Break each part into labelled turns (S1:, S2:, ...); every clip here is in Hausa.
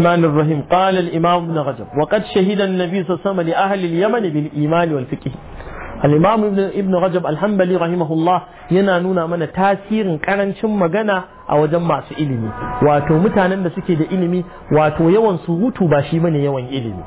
S1: الرحمن الرحيم قال الإمام ابن رجب وقد شهد النبي صلى الله عليه وسلم لأهل اليمن بالإيمان والفقه الإمام ابن رجب الحنبلي رحمه الله ينانونا من تاثير كان شم مغانا أو جمع إلمي واتو متانا نسكي دا إلمي واتو يوان سوغوتو باشي من يوان إلمي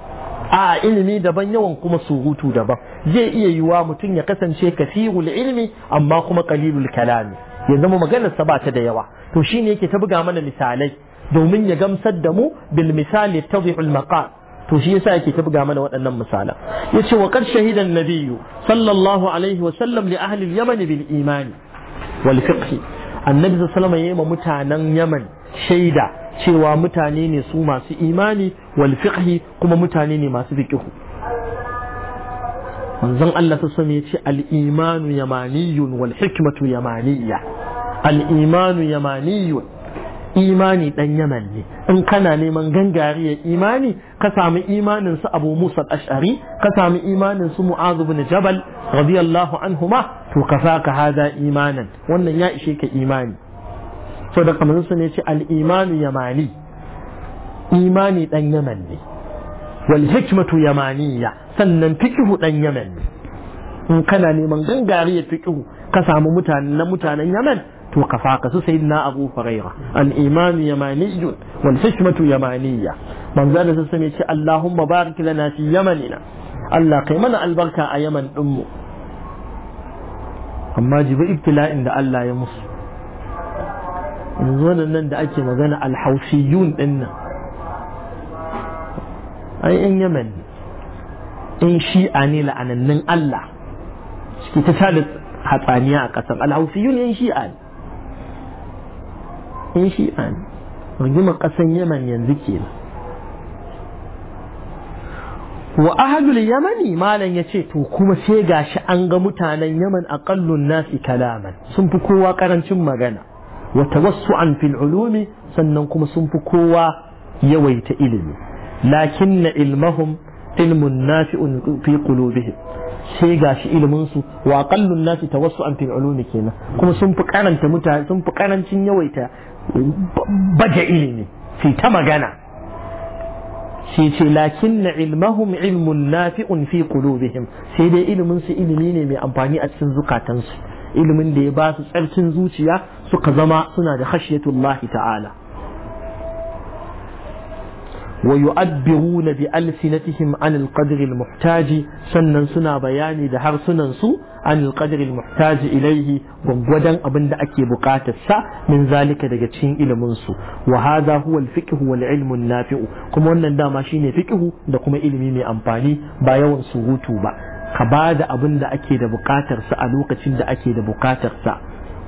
S1: a ilimi daban yawan kuma surutu daban zai iya yiwa mutum ya kasance kasirul ilmi amma kuma kalilul kalami ya zama maganarsa ba ta da yawa to shine yake ta buga mana misalai domin ya gamsar da mu bil misali tadhihul maqal to shi yasa yake buga mana waɗannan misalan yace wa qad shahidan nabiyyu sallallahu alaihi wa sallam li ahli al-yaman bil iman wal fiqh annabi sallallahu alaihi wa mutanen yaman shaida cewa mutane ne su masu imani wal fiqh kuma mutane ne masu fiqh manzon Allah ta sami yace al-imanu yamaniyun wal hikmatu yamaniyya al-imanu yamaniyun imani dan yaman ne in kana neman gangariyar imani ka sami imanin su abu musa ash'ari ka sami imanin su mu'azu ibn jabal radiyallahu anhuma to ka saka hada imanan wannan ya ishe ka imani so da kamar su ne ce al imanu yamani imani dan yaman ne wal hikmatu yamaniya sannan fikihu dan yaman ne in kana neman gangariyar fikihu ka samu mutanen na mutanen yaman توقفاك سيدنا أبو فريرة الإيمان يماني والحشمة يمانية من زال سسميك اللهم بارك لنا في يمننا الله قيمنا البركة أيمن أمه أما جب ابتلاء عند الله يمص من زال أننا دعك مغانا الحوثيون إن أي إن يمن إن شيء أني لأنا الله شكي تسالت حطانيا قسم الحوثيون إن شيء أني in shi ne rigimar ƙasan yaman yanzu ke wa ahadul yamani malam ya ce to kuma sai gashi an ga mutanen yaman aqallun nasi kalaman sun fi kowa karancin magana wa tawassu'an fil ulumi sannan kuma sun fi kowa yawaita ilimi lakinna ilmahum ilmun nafi'un fi qulubihim sai gashi ilimin su wa aqallun nasi tawassu'an fil ulumi kenan kuma sun fi karanta mutane sun fi karancin yawaita baje ilimi fi ta magana sai ce lakin ilmahum ilmun nafi'un fi qulubihim sai dai ilimin su ilimi ne mai amfani a cikin zukatansu ilimin da ya ba su tsarkin zuciya suka zama suna da khashiyatullahi ta'ala ويؤبرون بألسنتهم عن القدر المحتاج سنن سنا بياني ده هر سنن سو عن القدر المحتاج إليه وغدن أبن ده أكي بقات السا من ذلك ده جتشين إلى منسو وهذا هو الفقه والعلم النافع كما أن ده ماشيني فقه ده كما إلمي مي أمباني بايون سغوتو با كبادة أبن ده أكي ده بقات السا ألوكة ده أكي ده بقات السا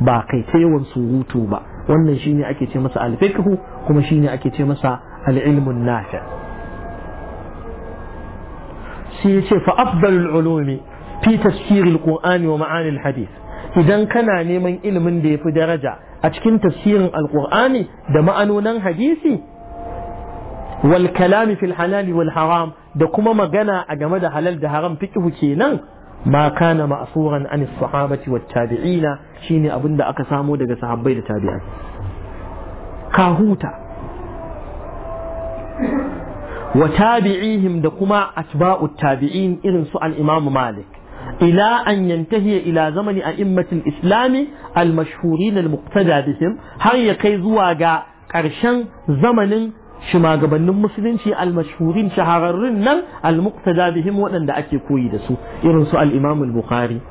S1: باقي تيون سغوتو با wannan shine ake ce masa alfiqhu kuma shine ake ce masa al'ilmun nafi sai ya ce fa afdalul ulumi fi tafsiril qur'ani wa ma'anil hadith idan kana neman ilimin da yafi daraja a cikin tafsirin qurani da ma'anonan hadisi wal kalami fil halali wal haram da kuma magana a game da halal da haram fiqhu kenan Maka na ma'suran an as-sahabati wat tabi'ina shine abinda aka samo daga sahabbai da tabi'ai ka huta wa tabi'ihim da kuma atba'u tabi'in irin su al-imam malik ila an yantahi ila zamani a a'immatil islami al-mashhurin al-muqtada bihim har ya kai zuwa ga ƙarshen zamanin shugabannin musulunci al-mashhurin shahararrun nan al-muqtada bihim waɗanda ake koyi da su irin su al-Imam al-Bukhari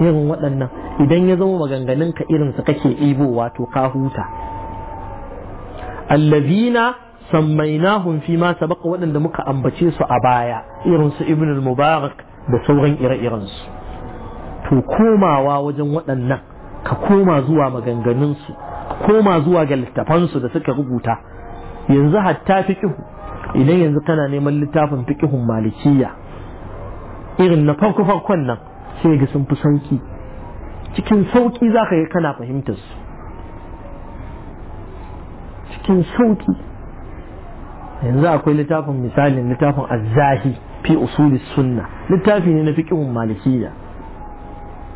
S1: irin waɗannan idan ya zama maganganun ka irin su kake ibo wato ka huta allazina sammainahum fi ma sabaqa waɗanda muka ambace su a baya irin su Ibn al-Mubarak da sauran ire-iren su to komawa wajen waɗannan ka koma zuwa maganganun su koma zuwa ga littafansu da suka rubuta yanzu hatta fiqhu idan yanzu kana neman littafin fiqhun malikiya irin na farko farkon nan sai ga sun fi sauki cikin sauki zaka yi kana fahimtar su cikin sauki yanzu akwai littafin misalin littafin azzahi fi usuli sunna littafi ne na fiqhun malikiya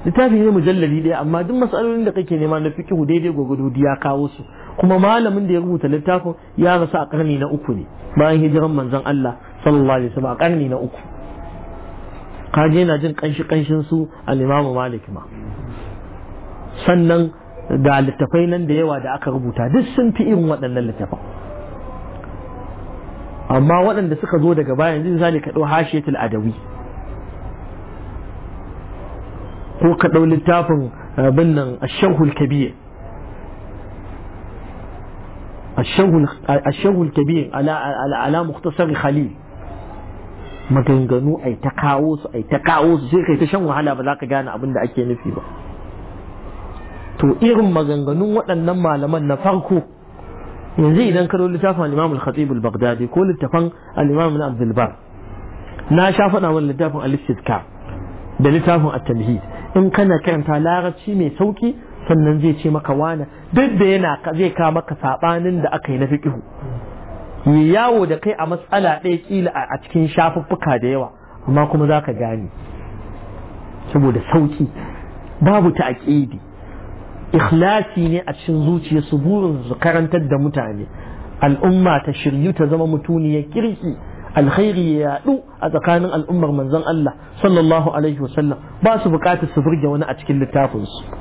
S1: littafi ne mujalladi ɗaya amma duk masalolin da kake nema na fiqhu daidai gwagwado ya kawo su kuma malamin da ya rubuta littafin ya rasu a karni na uku ne bayan hijiran manzon Allah sallallahu alaihi wasallam a karni na uku kaje na jin kanshi kanshin su al-Imam Malik ma sannan da littafai nan da yawa da aka rubuta duk sun fi irin waɗannan littafan amma waɗanda suka zo daga bayan zai misali ka ɗau hashiyatul adawi ko ka ɗau littafin abin nan ashahul kabir الشوه الشوه الكبير على على على مختصر خليل ما كان جنو أي تقاوس أي تقاوس زي كي تشوه على بلاك جانا أبدا أكيد نفيبا تو إيرم ما كان جنو وأن نما لما نفرقه ينزل إذا كانوا لتفان الإمام الخطيب البغدادي كل تفان الإمام عبد البر نا شافنا نعم ولا لتفان الاستذكار da littafin at-tanhid in kana karanta larabci mai sauki sannan zai ce maka duk da yana zai kawo maka saɓanin da aka yi na fiƙihu yi yawo da kai a matsala ɗaya ƙila a cikin shafuffuka da yawa amma kuma za ka gane saboda sauƙi babu ta aƙidi ikhlasi ne a cikin zuciya su burin su karantar da mutane al'umma ta shiryu ta zama mutuniyar kirki alkhairi ya yaɗu a tsakanin al'ummar manzon Allah sallallahu alaihi wasallam ba su bukatar su burge wani a cikin littafinsu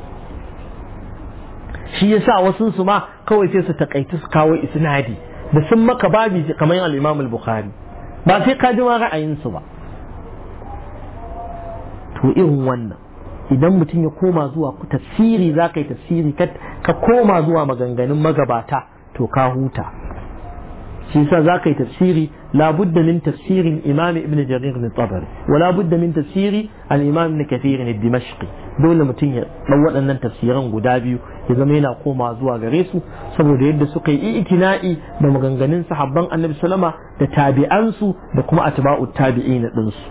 S1: shi yasa wasu su ma kawai sai su takaitu su kawo isnadi da sun maka babi kamar al-Imam al-Bukhari ba sai ka ji ma ra'ayin su ba to irin wannan idan mutum ya koma zuwa tafsiri za ka yi tafsiri ka koma zuwa maganganun magabata to ka huta shi yasa za yi tafsiri labudda min tafsirin imam ibn jarir ibn tabari wa labudda min tafsiri al-imam ibn kathir dimashqi dole mutum ya dau waɗannan tafsiran guda biyu ya zama yana koma zuwa gare su saboda yadda suka yi itina'i da maganganun sahabban annabi sallama da tabi'ansu da kuma atba'u tabi'in din ɗinsu.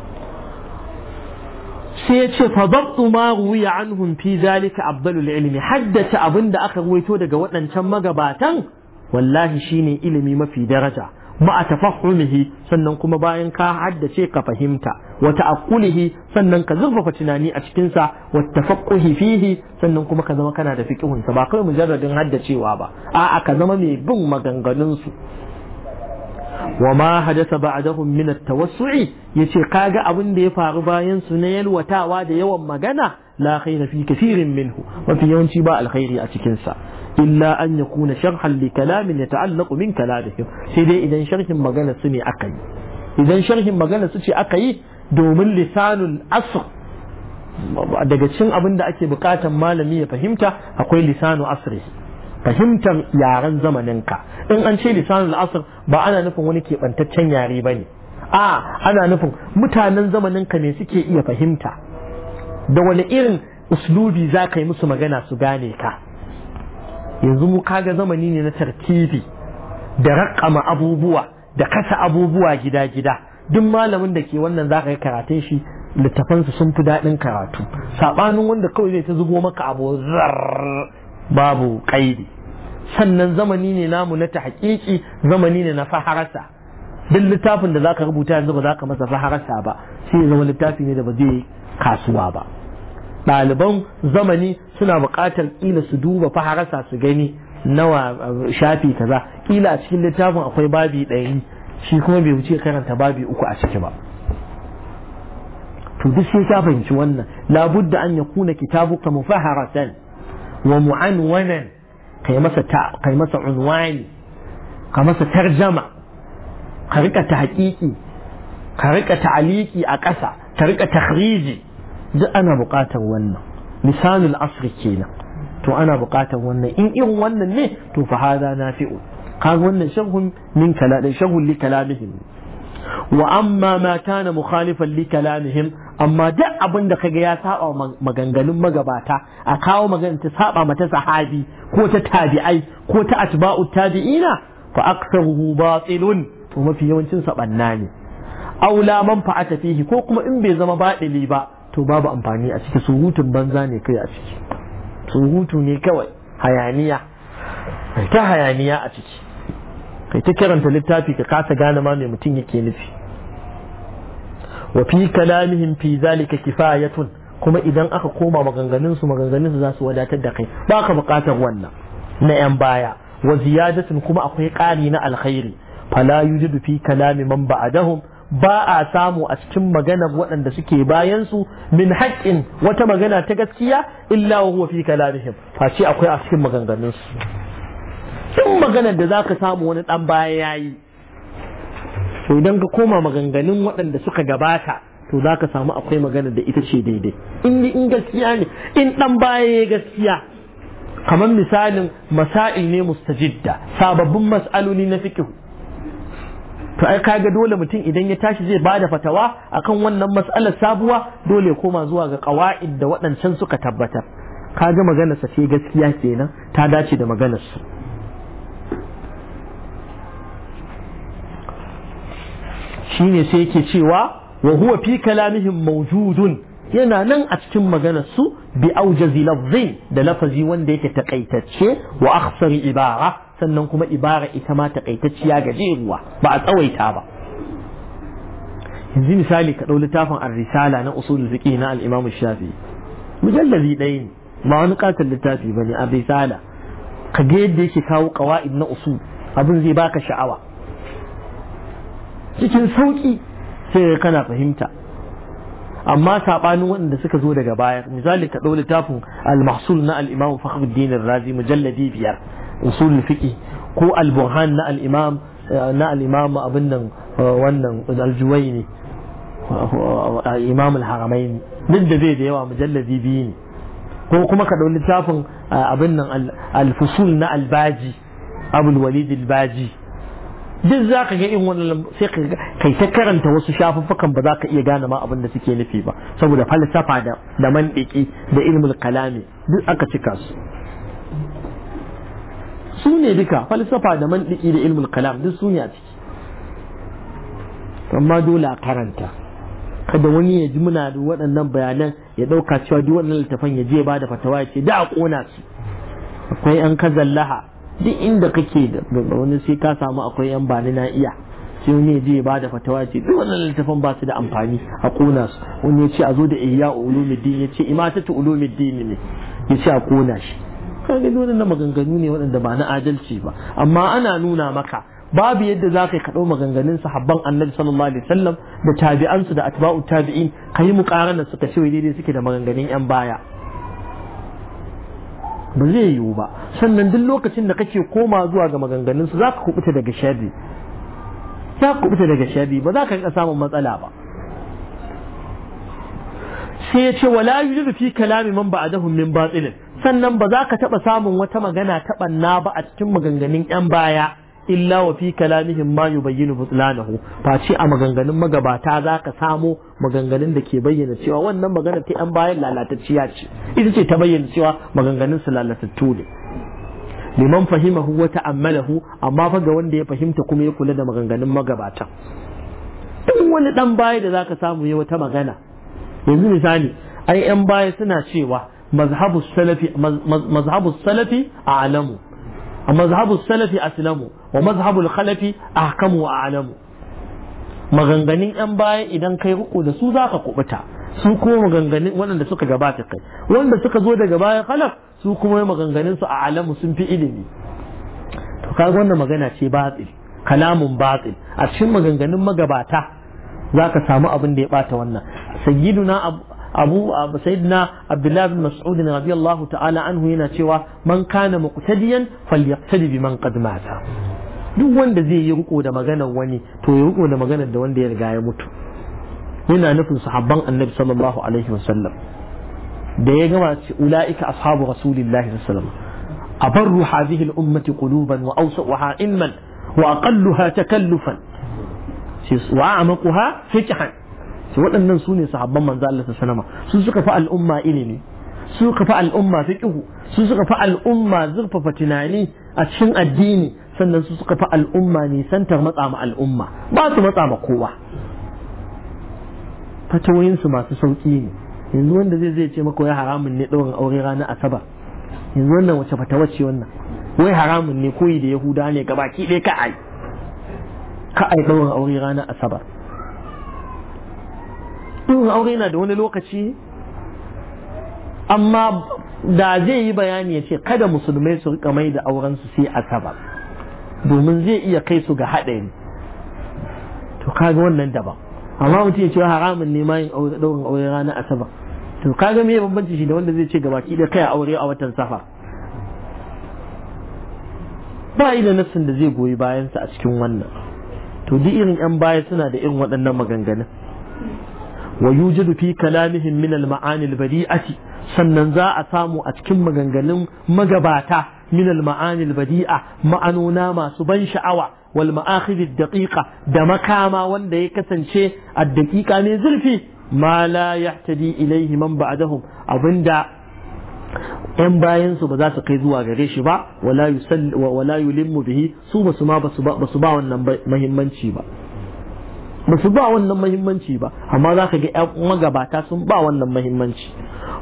S1: sai ya ce fa dabtu ma ruwiya anhum fi zalika afdalul ilmi haddace da aka ruwaito daga waɗancan magabatan wallahi shine ilimi mafi daraja ma a tafahumihi sannan kuma bayan ka haddace ka fahimta wa ta'aqqulihi sannan ka zurfafa tunani a cikin sa wa tafaqquhi fihi sannan kuma ka zama kana da fiqhun sa ba kai mujarradin haddacewa ba a'a ka zama mai bin maganganun su wa ma hadasa ba'dahum min at-tawassu'i yace kaga abin da ya faru bayan su na yalwatawa da yawan magana la khaira fi kathirin minhu mafi yawanci ba alkhairi a cikin sa illa an yakuna sharhan li kalamin yata'allaqu min kalamihim sai dai idan sharhin magana su ne aka yi idan sharhin magana su ce aka yi domin lisanul asr daga cikin abin da ake bukatan malami ya fahimta akwai lisanu asri fahimtar yaren zamaninka in an ce lisanul asr ba ana nufin wani keɓantaccen yare ba ne a ana nufin mutanen zamaninka ne suke iya fahimta da wani irin uslubi za ka yi musu magana su gane ka yanzu mu kaga zamani ne na tartibi da raƙama abubuwa da kasa abubuwa gida-gida duk malamin da ke wannan za ka yi karatun shi littafansu sun fi daɗin karatu saɓanin wanda kawai zai ta zubo maka abu babu ƙaidi sannan zamani ne namu na ta haƙiƙi zamani ne na faharasa duk littafin da za ka rubuta yanzu ba za ka masa faharasa ba sai zama littafi ne da ba zai kasuwa ba ɗaliban zamani suna buƙatar kila su duba faharasa su gani nawa shafi kaza kila a cikin littafin akwai babi ɗaya shi kuma bai wuce karanta babi uku a ciki ba to duk sai ka fahimci wannan labudda an yakuna kitabuka mufaharatan wa mu'anwanan kai masa ta kai masa unwani ka masa tarjama ka rika tahqiqi ka rika ta'aliki a ƙasa ka rika takhriji duk ana buƙatar wannan lisanul asri kenan to ana buƙatar wannan in irin wannan ne to fa hada nafi'u kaga wannan shahun min kalamin shahun li kalamihim wa amma ma kana mukhalifan li kalamihim amma duk abin da kaga ya saba maganganun magabata a kawo magana ta saba mata sahabi ko ta tabi'ai ko ta atba'u tabi'ina fa aktsaruhu batilun to mafi yawancin sa banna ne aula man fa'ata fihi ko kuma in bai zama baɗili ba to babu amfani a ciki surutun banza ne kai a ciki surutu ne kawai hayaniya kai ta hayaniya a ciki kai ta karanta littafi ka kasa gane ma mai mutum yake nufi wa fi kalamihim fi zalika kifayatun kuma idan aka koma maganganun su maganganun su za su wadatar da kai ba ka bukatar wannan na yan baya wa ziyadatun kuma akwai ƙari na alkhairi fala yujidu fi kalami man ba'dahum ba a samu a cikin maganar waɗanda suke bayansu. su min haƙƙin wata magana ta gaskiya illa wa huwa fi kalamihim face akwai a cikin maganganun su duk maganar da zaka samu wani dan baya yayi to idan ka koma maganganun waɗanda suka gabata to zaka samu akwai maganar da ita ce daidai in in gaskiya ne in dan baya ya gaskiya kamar misalin masail ne mustajidda sababbin mas'aloli na fikihu to ai kaga dole mutum idan ya tashi zai bada fatawa akan wannan mas'alar sabuwa dole ya koma zuwa ga qawaid da waɗancan suka tabbatar kaga maganar sa ce gaskiya kenan ta dace da maganar su shine sai yake cewa wa huwa fi kalamihim mawjudun yana nan a cikin maganar su bi aujazi lafzin da lafazi wanda yake takaitacce wa aksar ibara sannan kuma ibara ita ma takaitacciya gajeruwa ba a tsawaita ba yanzu misali ka ɗau littafin ar-risala na usulul fiqh na al-imam shafi mujalladi ɗaya ne ba wani ƙaton littafi ne ar-risala ka ga yadda yake kawo qawaid na usul abin zai baka sha'awa cikin sauki sai kana fahimta amma saɓanin waɗanda suka zo daga baya misali ka ɗau littafin al-mahsul na al-imam fakhruddin razi mujalladi biyar usul fiqh ko al-burhan na al-imam na al-imam abin nan uh, wannan al-juwayni uh, uh, imam al-haramain duk da zai da yawa mujalladi biyu ne ko kuma ka ɗau littafin abin nan al-fusul na al-baji abul walid al-baji duk za ka ga in wannan sai ka kai ta karanta wasu shafuffukan ba za ka iya gane ma abin da suke nufi ba saboda falsafa da da da ilmul kalami duk aka cika su su ne duka falsafa da mandiki da ilmul kalam duk su ne a ciki amma dole a karanta kada wani ya ji muna da waɗannan bayanan ya ɗauka cewa duk waɗannan littafan ya je ba da fatawa ya ce da a ƙona su akwai yan kazallaha duk inda kake da wani sai ka samu akwai yan bani na iya sai wani ya je ya ba da fatawa ya ce duk waɗannan littafan ba su da amfani a ƙona su wani ya ce a zo da iya ulumuddin ya ce imatatu ulumuddin ne ya ce a ƙona shi ka gani waɗannan maganganu ne waɗanda ba na adalci ba amma ana nuna maka babu yadda za ka kaɗo maganganun sahabban annabi sallallahu alaihi wasallam da tabi'ansu da atba'u tabi'in ka yi muƙarana suka ce daidai suke da maganganun yan baya ba zai yiwu ba sannan duk lokacin da kake koma zuwa ga maganganun su za ka kubuta daga sharri za ka kubuta daga sharri ba za ka rika samun matsala ba sai ya ce wala yujidu fi kalami man ba'dahum min batilin sannan ba za ka taɓa samun wata magana ta ɓanna ba a cikin maganganun 'yan baya illa wa fi kalamihim ma yubayyinu butlanahu face a maganganun magabata za ka samo maganganun da ke bayyana cewa wannan magana ta 'yan bayan lalatacciya ce ita ce ta bayyana cewa maganganun su lalatattu ne liman fahimahu wa ta'ammalahu amma fa ga wanda ya fahimta kuma ya kula da maganganun magabata duk wani dan baya da zaka samu ya wata magana yanzu misali ai 'yan baya suna cewa mazhabu salafi mazhabu salafi a'lamu mazhabu salafi aslamu wa mazhabu khalafi ahkamu a'lamu maganganun yan baya idan kai riko da su zaka kubuta su kuma maganganun waɗanda suka gabata kai wanda suka zo daga baya khalaf su kuma maganganun su a'lamu sun fi ilimi to kaga wannan magana ce batil kalamun batil a cikin maganganun magabata zaka samu abin da ya bata wannan sayyiduna abu sayyidina abdullahi bin mas'ud radiyallahu ta'ala anhu yana cewa man kana muqtadiyan falyaqtadi bi man qad mata duk wanda zai yi riko da maganar wani to ya riko da maganar da wanda ya riga ya mutu yana nufin sahabban annabi sallallahu alaihi wasallam da ya gama ce ula'ika ashabu rasulillahi sallallahu alaihi wasallam hadhihi al-ummati quluban wa awsa'uha ilman wa aqalluha takallufan wa a'maquha fiqhan su waɗannan su ne sahabban manzo Allah sallama su suka fi al'umma ilimi su suka fi al'umma fiqhu su suka fi al'umma zurfafa tunani a cikin addini sannan su suka fi al'umma ne santar matsa ma al'umma ba su matsa ma kowa fatawoyinsu masu sauƙi ne yanzu wanda zai zai ce maka wai haramun ne ɗaurin aure ranar asabar yanzu wannan wace fatawa ce wannan wai haramun ne koyi da yahuda ne gabaki ɗaya ka ai ka ai ɗaurin aure ranar asabar ɗin aure na da wani lokaci amma da zai yi bayani ya ce kada musulmai su rika mai da aurensu sai asabar domin zai iya kai su ga haɗari to kaga wannan daban amma mutum ya ce haramun ne ma yin ɗaurin aure ranar asabar to kaga mai bambanci shi da wanda zai ce gabaki da kai aure a watan safa ba da nassin da zai goyi bayansa a cikin wannan to duk irin yan baya suna da irin waɗannan maganganun wa yujidu fi kalamihim min al sannan za a samu a cikin maganganun magabata min al badia ma'anuna masu ban sha'awa wal ma'akhidh daqiqa da makama wanda ya kasance a daqiqa mai zurfi ma la yahtadi ilayhi man ba'dahum abinda ‘yan bayansu ba za su kai zuwa gare shi ba wala yulimmu bihi su ba su ma ba su ba wannan mahimmanci ba ba su ba wannan mahimmanci ba amma za ka ga yan magabata sun ba wannan mahimmanci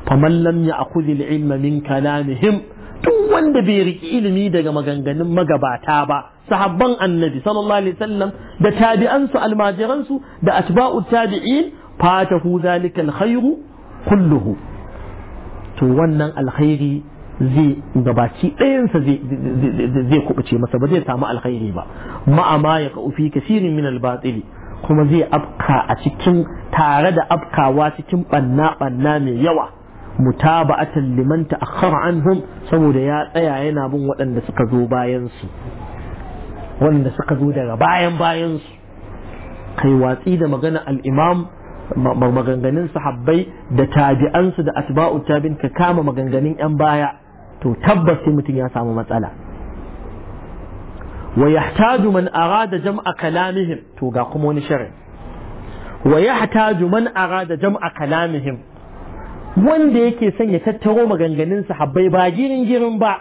S1: faman lam ya akuzi ilma min kalamihim duk wanda bai riki ilimi daga maganganun magabata ba sahabban annabi sallallahu alaihi wasallam da tabi'ansu almajiransu da atba'u tabi'in fatahu zalika alkhairu kulluhu to wannan alkhairi zai gabaci ɗayansa zai kubuce masa ba zai samu alkhairi ba ma'ama ya ka'u fi kasirin min albatili kuma zai afka a cikin tare da afkawa cikin banna banna mai yawa mutaba'atan liman ta'akhkhara anhum saboda ya tsaya yana bin waɗanda suka zo bayan su waɗanda suka zo daga bayan bayan su kai watsi da magana al-imam maganganun sahabbai da tabi'ansu da atba'u tabi'in ka kama maganganun yan baya to tabbas sai mutum ya samu matsala wa yahtaju man arada jam'a kalamihim to ga kuma wani shar'i wa yahtaju man arada jam'a kalamihim wanda yake son ya tattaro maganganun sahabbai ba girin girin ba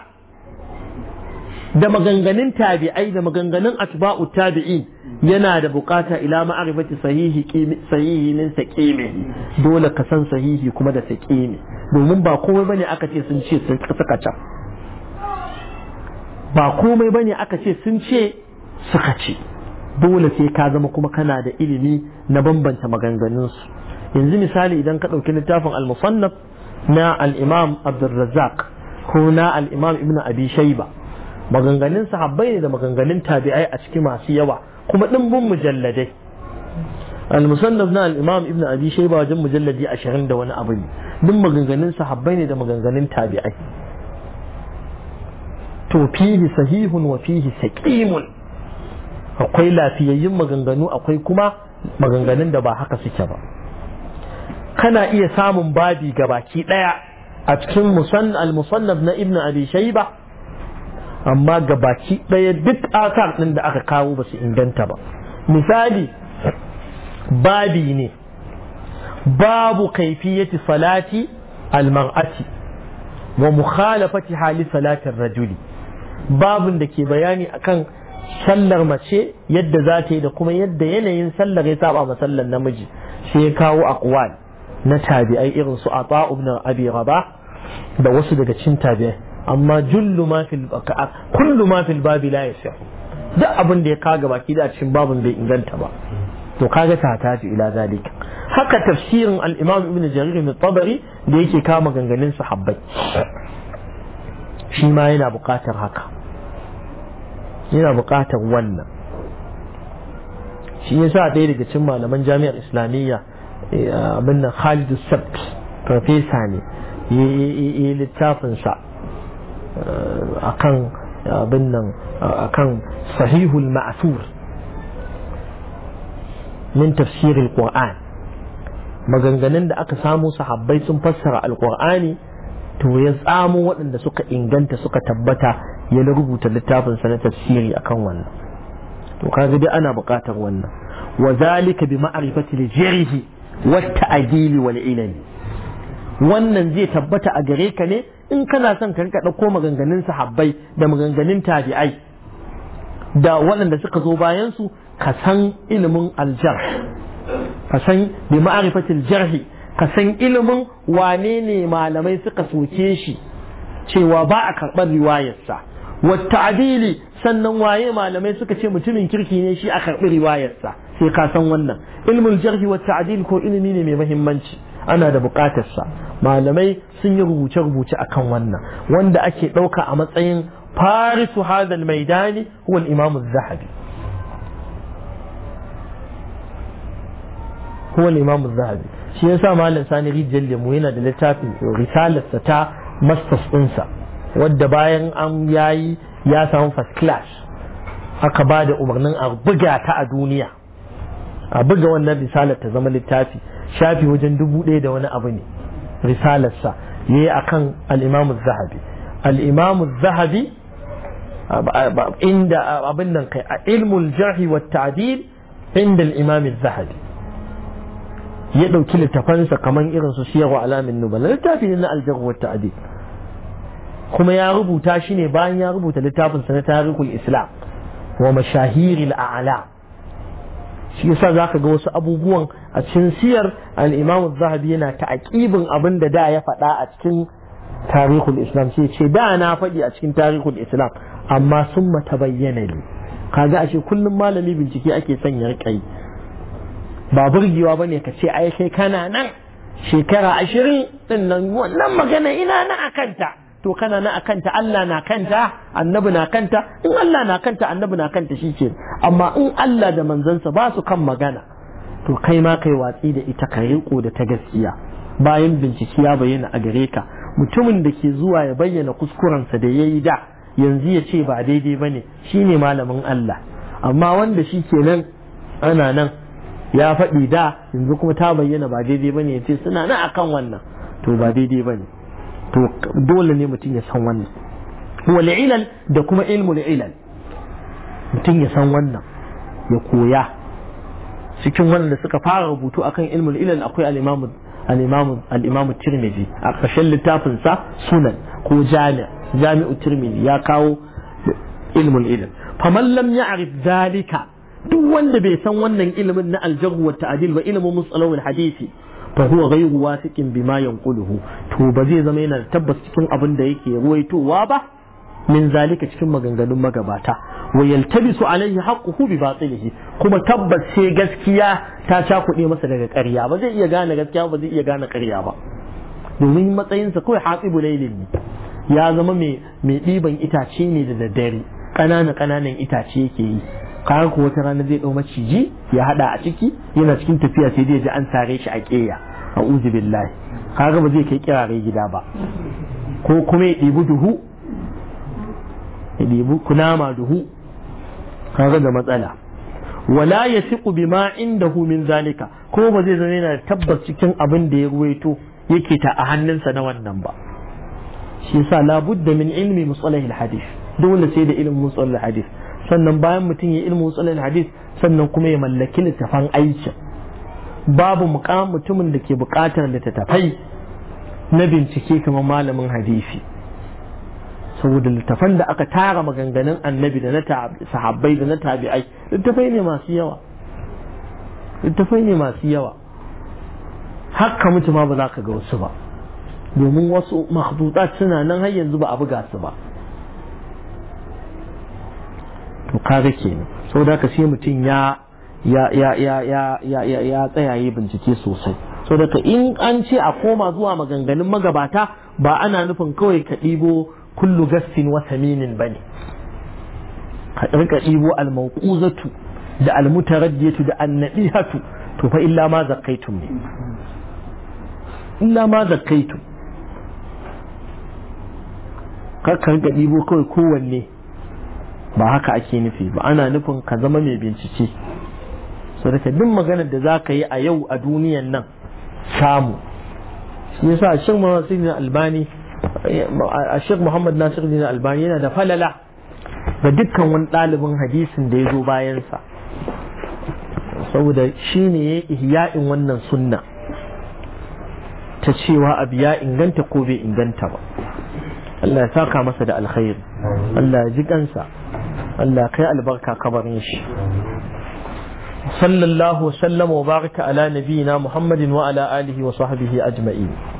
S1: da maganganun tabi'ai da maganganun atba'u tabi'in yana da bukata ila ma'arifati sahihi sahihi min dole ka san sahihi kuma da saqimi domin ba komai bane aka ce sun ce sun saka can ba komai bane aka ce sun ce suka ce dole sai ka zama kuma kana da ilimi na bambanta maganganunsu yanzu misali idan ka ɗauki littafin al-musannaf na al-imam ko na al-imam ibn abi shayba maganganun sahabbai ne da maganganun tabi'ai a cikin masu yawa kuma ɗimbin mujalladai al-musannaf na al-imam ibn abi shayba wajen mujalladi 20 da wani abu ne duk maganganun sahabbai ne da maganganun tabi'ai to fihi sahihun wa fihi saqimun akwai lafiyayyun maganganu akwai kuma maganganun da ba haka suke ba kana iya samun babi gabaki daya a cikin musan al-musannaf na ibnu abi shayba amma gabaki daya duk asar din da aka kawo ba su inganta ba misali babi ne babu kaifiyati salati al-mar'ati wa mukhalafati hali salatin rajuli babin da ke bayani akan sallar mace yadda za ta yi da kuma yadda yanayin sallar ya saba ma sallar namiji sai ya kawo aqwal na tabi'ai irin su ata ibn abi raba da wasu daga cin tabi'ai amma jullu ma fil kullu ma fil babi la yasih duk abin da ya kaga baki da cikin babin bai inganta ba to kaga ta taji ila zalika haka tafsirin al-imam ibn jarir min tabari da yake kama ganganin sahabbai shi ma yana buƙatar haka yana buƙatar wannan shi yasa ɗaya daga cin malaman jami'ar islamiyya eh, abin nan Khalid Sabt farfesa ne yi littafinsa eh, kan abin nan a kan sahihul ma'asur min tafsirin qur'an maganganun da aka samu sahabbai sun fassara alqur'ani to ya tsamo waɗanda suka inganta suka tabbata ya na rubuta littafin sa na tafsiri akan wannan to kaga dai ana buƙatar wannan wa zalika bi ma'rifati lijrihi wa ta'dili wal ilmi wannan zai tabbata a gare ka ne in kana son ka rika ɗauko maganganun sahabbai da maganganun tabi'ai da waɗanda suka zo bayan su ka san ilimin aljar ka san bi ma'rifatil jarhi ka san ilimin wane ne malamai suka soke shi cewa ba a karɓar riwayarsa wata adili sannan waye malamai suka ce mutumin kirki ne shi a karɓi riwayarsa sai ka san wannan ilimin jarhi wata ta'dil ko ilimi ne mai muhimmanci ana da bukatarsa. malamai sun yi rubuce-rubuce akan wannan wanda ake ɗauka a matsayin farisu hadal maidani huwa al zahabi ko al zahabi shi yasa Mallam sani rijal lemu yana da littafin risalarsa ta masters ɗinsa wadda bayan an yayi ya samu first aka ba da umarnin a buga ta a duniya a buga wannan risalar ta zama littafi shafi wajen dubu ɗaya da wani abu ne risalarsa ya yi a kan al'imamu zahabi al'imamu zahabi abin nan kai a ilmul jarhi wa ta'dil inda al'imamu zahabi ya ɗauki littafansa kamar irin su siyarwa alamin nubala littafi ne na aljarwar ta'adi kuma ya rubuta shi ne bayan ya rubuta littafinsa na tarihul islam wa mashahiril a'ala shi yasa zaka ga wasu abubuwan a cikin siyar al zahabi yana ta'aƙibin abin da da ya faɗa a cikin tarihul islam sai ce da na faɗi a cikin tarihul islam amma sun mata bayyana ne kaga ashe kullum malami bincike ake son ya riƙa ba burgewa ba ne ka ce ai kai kana nan shekara ashirin ɗin nan wannan magana ina na a kanta to kana na a kanta Allah na kanta annabi na kanta in Allah na kanta annabi na kanta shi ke amma in Allah da manzansa ba su kan magana to kai ma kai watsi da ita ka riko da ta gaskiya bayan bincike ya bayyana a gare ka mutumin da ke zuwa ya bayyana kuskurensa da ya yi da yanzu ya ce ba daidai ba ne shi ne malamin Allah amma wanda shi kenan ana nan ya faɗi da yanzu kuma ta bayyana ba daidai bane yace suna na akan wannan to ba daidai bane to dole ne mutum ya san wannan huwa ilal da kuma ilmu ilal mutum ya san wannan ya koya cikin wannan da suka fara rubutu akan ilmu ilal akwai al imam al imam al imam tirmidhi a kashin littafin sa sunan ko jami' jami'u tirmidhi ya kawo ilmul ilal faman lam ya'rif dhalika duk wanda bai san wannan ilimin na aljarhu wa ta'dil ba ilimin musalawul hadisi fa huwa ghayru wasiqin bima yanquluhu to ba zai zama yana tabbas cikin abin da yake ruwaitowa ba min zalika cikin maganganun magabata wa yaltabisu alaihi haqquhu bi batilihi kuma tabbas sai gaskiya ta sha kuɗe masa daga ƙarya ba zai iya gane gaskiya ba zai iya gane ƙarya ba domin matsayinsa kawai hatsibu lailin ya zama mai ɗiban itace ne da daddare ƙananan ƙananan itace yake yi kayan ko wata rana zai dau maciji ya haɗa a ciki yana cikin tafiya sai zai ji an sare shi a keya a'udhu billahi kaga ba zai kai kirare gida ba ko kuma ya ɗibi duhu ya ɗibi kunama duhu kaga da matsala wala ya siku bi ma inda min zalika ko ba zai zama yana tabbas cikin abin da ya ruwaito yake ta a hannunsa na wannan ba shi yasa labudda min ilmi musalahil hadith dole sai da ilmin musalahil hadith sannan bayan mutum ya ilmu tsalil hadis sannan kuma ya mallaki littafan aiki babu muƙam mutumin da ke buƙatar littattafai na bincike kamar malamin hadisi saboda littafan da aka tara maganganun annabi da na sahabbai da na tabi'ai littafai ne masu yawa littafai ne masu yawa haka mutu ma ba za ka ga wasu ba domin wasu makhdutat suna nan har yanzu ba a buga su ba to kaga kenan da ka sai mutum ya ya ya ya ya ya ya tsayaye bincike sosai da ka in an ce a koma zuwa maganganun magabata ba ana nufin kawai ka ɗibo kullu gassin wa saminin ne. ka rika ɗibo al da al da an to fa illa ma zakkaitum ne illa ma zakkaitum kakkan ka ɗibo kawai kowanne ba haka ake nufi ba ana nufin ka zama mai bincike so da duk maganar da za ka yi a yau a duniyan nan samu shi yasa Muhammad Albani a Sheikh Muhammad Nasir Sidin Albani yana da falala ga dukkan wani ɗalibin hadisin da ya zo bayansa saboda shi ne ya ihya'in wannan sunna ta cewa abu ya inganta ko bai inganta ba Allah ya saka masa da alkhairi Allah ya ji kansa Allah kai albarka kabarin shi sallallahu sallama wa baraka ala nabiyina muhammadin wa ala alihi wa sahbihi ajma'in